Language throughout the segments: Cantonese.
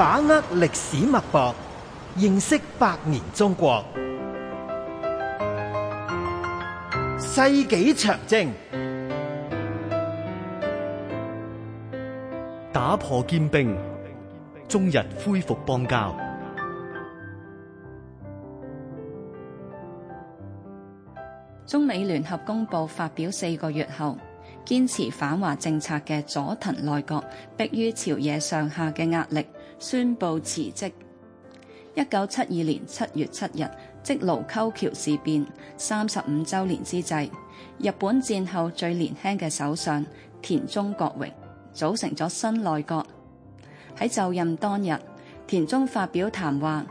把握歷史脈搏，認識百年中國。世紀長征打破堅冰，中日恢復邦交。中美聯合公報發表四個月後，堅持反華政策嘅佐藤內閣，迫於朝野上下嘅壓力，宣布辭職。一九七二年七月七日，即盧溝橋事變三十五週年之際，日本戰後最年輕嘅首相田中角榮組成咗新內閣。喺就任當日，田中發表談話，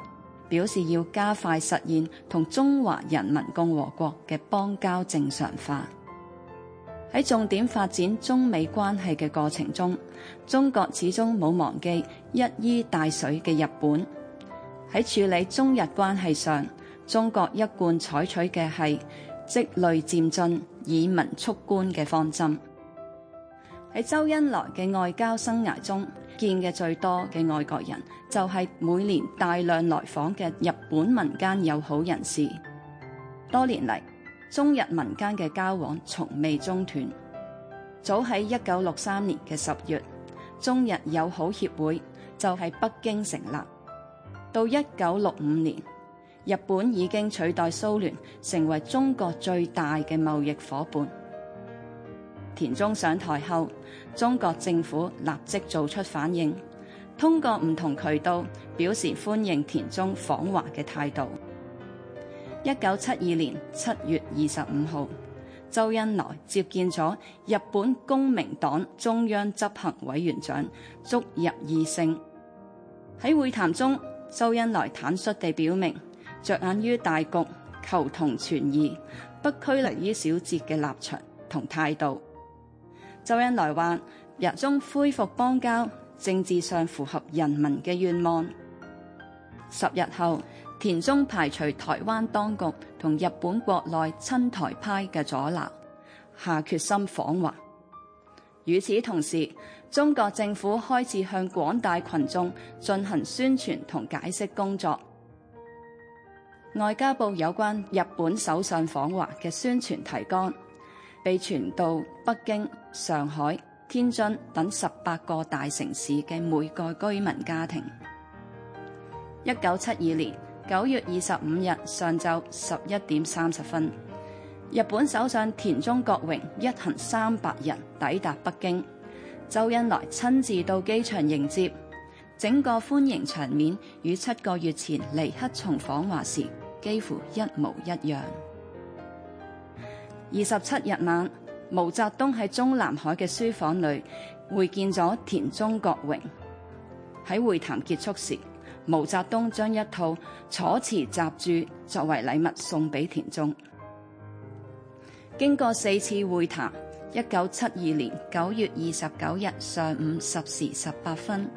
表示要加快實現同中華人民共和國嘅邦交正常化。喺重點發展中美關係嘅過程中，中國始終冇忘記一衣帶水嘅日本。喺處理中日關係上，中國一貫採取嘅係積累漸進、以民促官嘅方針。喺周恩來嘅外交生涯中，見得最多嘅外國人就係每年大量來訪嘅日本民間友好人士。多年嚟，中日民間嘅交往從未中斷，早喺一九六三年嘅十月，中日友好協會就喺北京成立。到一九六五年，日本已經取代蘇聯成為中國最大嘅貿易伙伴。田中上台後，中國政府立即做出反應，通過唔同渠道表示歡迎田中訪華嘅態度。一九七二年七月二十五號，周恩來接見咗日本公明黨中央執行委員長竹入義勝。喺會談中，周恩來坦率地表明着眼於大局、求同存異、不拘泥於小節嘅立場同態度。周恩來話：日中恢復邦交，政治上符合人民嘅願望。十日後，田中排除台灣當局同日本國內親台派嘅阻撓，下決心訪華。與此同時，中國政府開始向廣大群眾進行宣傳同解釋工作。外交部有關日本首相訪華嘅宣傳提綱，被傳到北京、上海、天津等十八個大城市嘅每個居民家庭。一九七二年九月二十五日上晝十一點三十分，日本首相田中角榮一行三百人抵達北京，周恩來親自到機場迎接，整個歡迎場面與七個月前尼克松訪華時幾乎一模一樣。二十七日晚，毛澤東喺中南海嘅書房裏會見咗田中角榮。喺會談結束時，毛澤東將一套《楚辭集注》作為禮物送俾田中。經過四次會談，一九七二年九月二十九日上午十時十八分，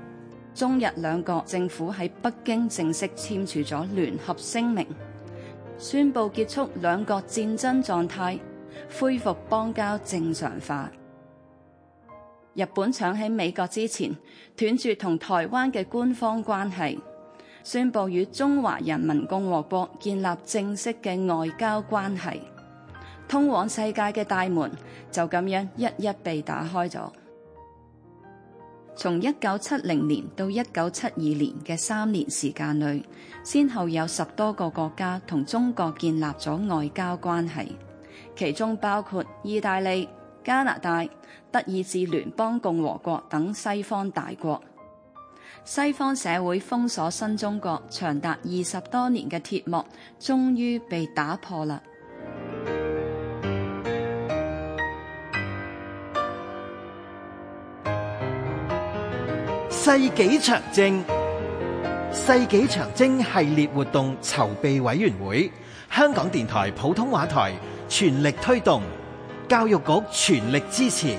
中日兩國政府喺北京正式簽署咗聯合聲明，宣布結束兩國戰爭狀態，恢復邦交正常化。日本搶喺美國之前，斷絕同台灣嘅官方關係。宣布與中華人民共和國建立正式嘅外交關係，通往世界嘅大門就咁樣一一被打開咗。從一九七零年到一九七二年嘅三年時間裏，先後有十多個國家同中國建立咗外交關係，其中包括意大利、加拿大、德意志聯邦共和國等西方大國。西方社會封鎖新中國，長達二十多年嘅鐵幕，終於被打破啦！世紀長征，世紀長征系列活動籌備委員會，香港電台普通話台全力推動，教育局全力支持。